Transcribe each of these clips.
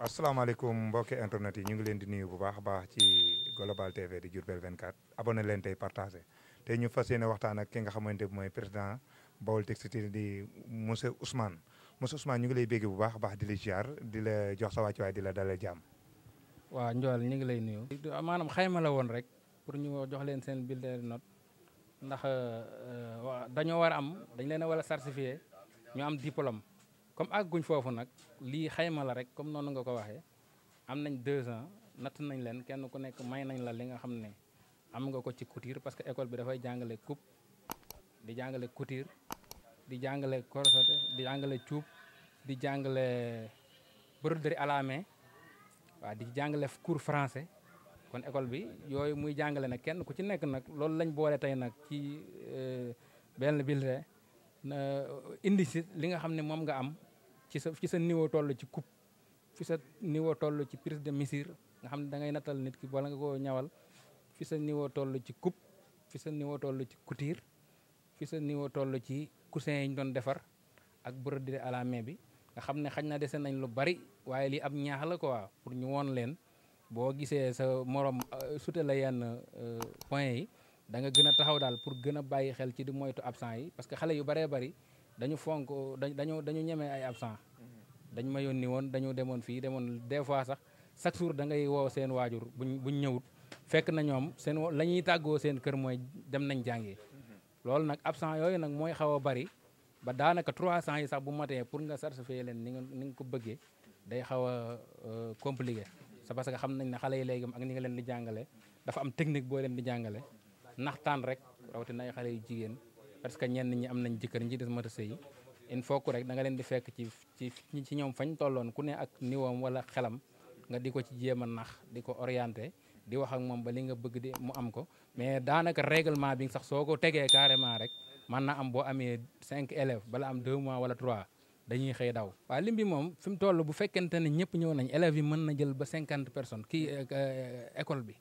assalamu asalaamaaleykum mbokk internet yi ñu ngi leen di nuyu bu baax baax ci Global TV di Diourbel 24 abonné leen tay partager tay ñu fassiyene waxtaan ak ki nga xamanté moy mooy président Baol Textile di monsieur Ousmane monsieur Ousmane ñu ngi lay bégg bu baax baax di la ziar di la jox sa waccu way di la dalal jam wa ndjol ñi ngi lay nuyu. manam xayma la won rek pour ñu jox leen seen bulletin note ndax euh, dañoo war a am dañ leena wala certifier ñu am diplôme. comme àgguñ foofu nag lii xayma la rek comme noonu nga ko waxee am nañ deux ans natt nañ leen kenn ku nekk may nañ la li nga xam ne am nga ko ci couture parce que école bi dafay jàngale coupe di jàngale couture di jàngale corseté di jàngale cuub di jàngale broderie à la main waaw di jàngale cours français kon école bi yooyu muy jàngale nag kenn ku ci nekk nag loolu lañ boole tey nag ci euh, benn bulletin indi si li nga xam ne moom nga am ci sa ci sa niveau toll ci coupe fi sa niveau tollu ci prise de mesure nga xam ne da ngay nattal nit ki wala nga koo ñawal fi sa niveau toll ci coupe fi sa niveau toll ci couture fi sa niveau toll ci coussin yi ñu doon defar ak broderie à la bi nga xam ne xañ na dese nañ lu bari waaye lii ab ñaax la quoi pour ñu woon leen boo gisee sa morom euh, sute la yenn euh, point yi da nga gën a taxaw daal pour gën a bàyyi xel ci di moytu absent yi parce que xale yu bare bëri dañu fonk dañu dañu ñemee ay absent mm-hmm. dañ ma yónni woon dañu demoon fii demoon des fois sax chaque jour da ngay woo seen waajur buñ buñ ñëwut fekk na ñoom seen la ñuy tàggoo seen kër mooy dem nañ jàngi mm-hmm. loolu nag absent yooyu nag mooy xaw a bëri ba daanaka 300 yi sax bu matee pour nga certifier leen ni nga ni nga ko bëggee day xaw a euh, compliqué c'est parce que xam nañ ne xale yi léegi ak ni nga leen di jàngale dafa am technique boo leen di jàngale naxtaan rek rawatina ay xale yu jigéen parce que ñenn ñi am nañ jëkkër ñi des mata sëy il faut que rek da nga leen di fekk ci ci ci ñoom fañ tolloon ku ne ak niwoom wala xelam nga di ko ci jéem a nax di ko orienté di wax ak moom ba li nga bëgg di mu am ko mais daanaka règlement bi sax soo ko tegee carrément rek man na am boo amee cinq élèves bala am deux mois wala trois dañuy xëy daw waaw lim bi moom fi mu toll bu fekkente ne ñëpp ñëw nañ élèves yi mën na jël ba cinquante personnes kii euh, école bi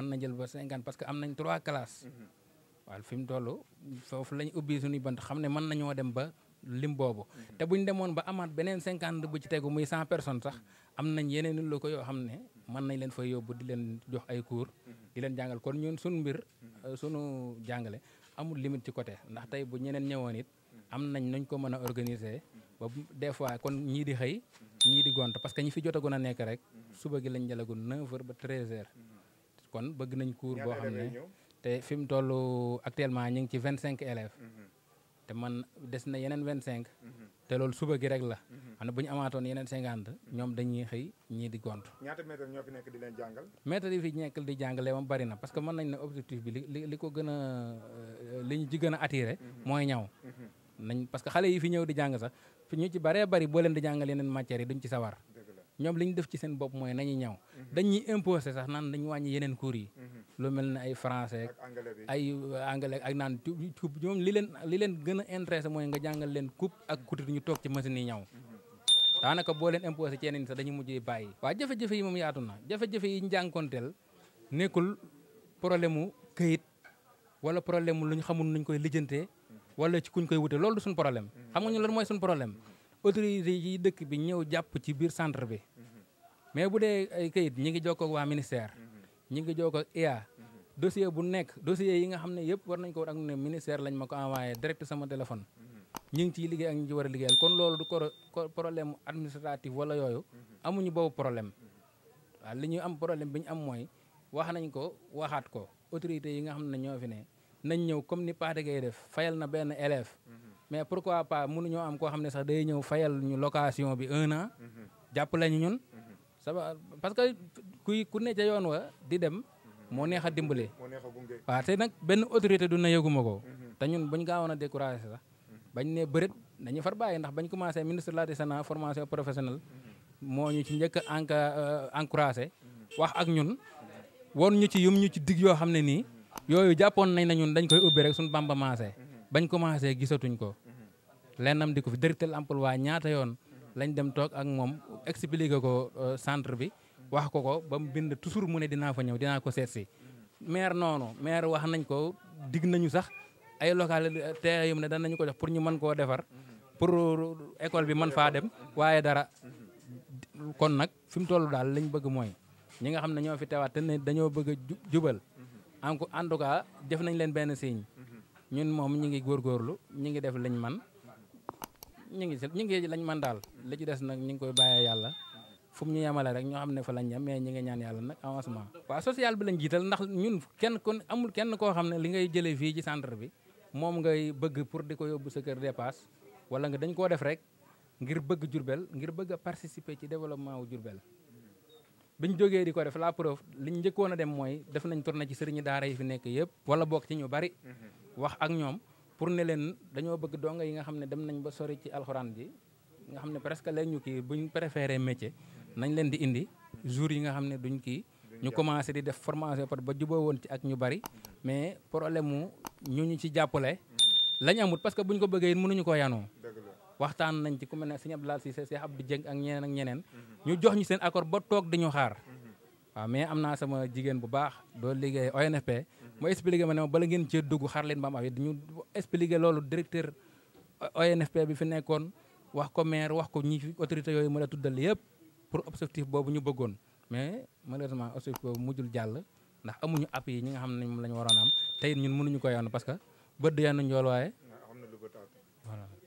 mën na jël ba cinquante parce que am nañ trois classes. Mhm. fi mu toll foofu lañ ubbi suñuy bant xam ne mën nañoo dem ba lim boobu. Mhm. te buñ demoon ba amaat beneen cinquante bu ci tegu muy cent personnes sax mhm. am nañ yeneen lu yoo xam ne mën nañ leen fa yóbbu di leen jox ay cours. di leen jàngal kon ñun suñu mbir. Euh, suñu jàngale amul limite ci côté ndax tey bu ñeneen ñëwoon it. am nañ nuñ ko mën a organiser. ba des fois kon ñii di xëy. ñii di gont parce que ñi fi jotagoon a nekk rek. suba gi lañ jëlagoon 9h ba 13 kon bëgg nañ cours boo xam ne te fi mu toll actuellement ñu ngi ci 25. élèves mhm. te man des na yeneen 25. cinq mhm. te loolu suba gi rek la mhm. xam ne bu ñu amaatoon yeneen ñoom dañuy xëy ñii di gont ñaata maître ñoo fi nekk di leen jàngal maître yi fi nekk di jàngale moom bari na parce que mën nañ ne objectif bi li li ko gën a euh, li ñu ci gën a attiré mooy ñaw nañ parce que xale yi fi ñëw di jàng sax ñu ci baree bari boo leen di jàngal yeneen matières yi duñ ci sawar ñoom li ñu def ci seen bopp mooy nañu ñaw mhm. dañuy imposé sax nan dañu wàññi yeneen cours yi mhm. lu mel ne ay français ay euh, anglais ak naan coupe ñoom li leen li leen gën a intéressé mooy nga jàngal leen coupe ak couture ñu toog ci machine yi ñaw mhm. daanaka boo leen imposé ci yeneen sax dañu mujjee bàyyi waa jafe-jafe yi moom yaatu na jafe-jafe yi ñu jànkonteel nekkul problème mu këyit wala problème mu lu ñu xamul nuñ koy lijjantee wala ci kuñ koy wute loolu du suñu problème xam nga ñu lan mooy suñu problème autorité yi dëkk bi ñëw jàpp ci biir centre bi mais bu dee ay kayit ñi ngi jokkoo ak waa ministère ñi ngi jokkoo ak IA e bu nekk dossier yi nga xam ne yëpp war nañ ko war ak ne ministère lañ ma ko envoyé direct sama téléphone ñu ngi ci liggéey ak ñu ci war a liggéeyal kon loolu du ko problème administratif wala yooyu amuñu boobu problème waaw li ñu am problème bi ñu am mooy wax nañ ko waxaat ko autorité yi nga xam ne ñoo fi ne nañ ñëw comme ni Pate def fayal na benn élève mais pourquoi pas mënuñoo am ko xamné sax day ñëw fayal ñu location bi 1 an. japp ñu ñun. ça va parce que kuy ku ne ca yoon wa di dem. mo neex a dimbale. moo neex a gunge. waaw te nag benn autorité du na yeguma ko. Mhm. té ñun buñ gaawoon a découragé sax. Mhm. bañ né bëreet dañu far baye ndax bañ commencé ministre de l'artisanat formation professionnelle. Mhm. mo ñu ci ñëk a euh, encourager wax ak ñun. won ñu ci yum ñu ci dig yo xamné ni yoyu yooyu nañ na ñun dañ koy ubbé rek suñu bamba maasee. bañ commencé gisatuñ ko lennam di ko fi directeur waa ñaata yoon lañ dem toog ak moom expliqué ko euh, centre bi wax ko ko ba mu bind toujours mu ne dinaa fa ñëw dinaa ko seet si maire noonu maire wax nañ ko dig nañu sax ay localité yu ne danañu ko jox pour ñu mën koo defar pour école bi mën faa dem waaye dara kon nag fi mu toll daal lañ bëgg mooy ñi nga xam ne ñoo fi teewaat ten dañoo bëgg a jubal en tout cas def nañ leen benn signe mhm. ñun moom ñu ngi góorgóorlu ñu ngi def liñ man nyingi ngi nyingi ñu ngi mandal. man daal li ci des nag ñu ngi koy bàyyee yàlla fu falanya, ñu yemale rek ñoo xam ne fa lañ ñam mais ñi nga ñaan yàlla nag avancement waaw social bi lañ jiital ndax ñun kenn kon amul kenn koo xam li ngay jëlee ci centre bi Mom ngay bëgg pour di koi yóbbu sa kër dépasse wala nga dañ koo def rek ngir bëgg Jurbel ngir bëgg a participer ci développement wu Jurbel biñ joggé di ko def la preuve liñ njëkkoon na dem moy def nañ tourner ci sëriñu daara yi fi nekk yépp wala bok ci ñu bari mhm. wax ak ñom pour ne len dañoo bëgg donga yi nga xamne dem nañ ba sori ci alcorane ji nga xamne presque leen ñu ki buñ préféré métier nañ len di indi jour yi nga xamne duñ ki ñu commencé di def formation par ba jubo won ci ak ñu bari mais problème ñu ñu ci jappalé lañ amut parce que buñ ko bëggee mënu ñu ko yano waxtaan nañ ci ku mel seigne Abdoulaye Cissé Cheikh Abdou Dieng ak ñeneen ak ñeneen ñu jox ñu seen accord ba tok di ñu xaar wa mais amna sama jigen bu baax do liggéey ONFP mu expliqué ma ne ma bala ngeen cee dugg xaar leen ba am avis ñu expliqué loolu directeur ONFP bi fi nekkoon wax ko maire wax ko ñi fi autorité yooyu ma la tuddal yëpp pour objectif boobu ñu bëggoon mais malheureusement objectif boobu mujjul jàll ndax amuñu appui yi ñi nga xam ne moom la ñu waroon am tey ñun mënuñu ko yoon parce que bët yan nañ yool waaye voilà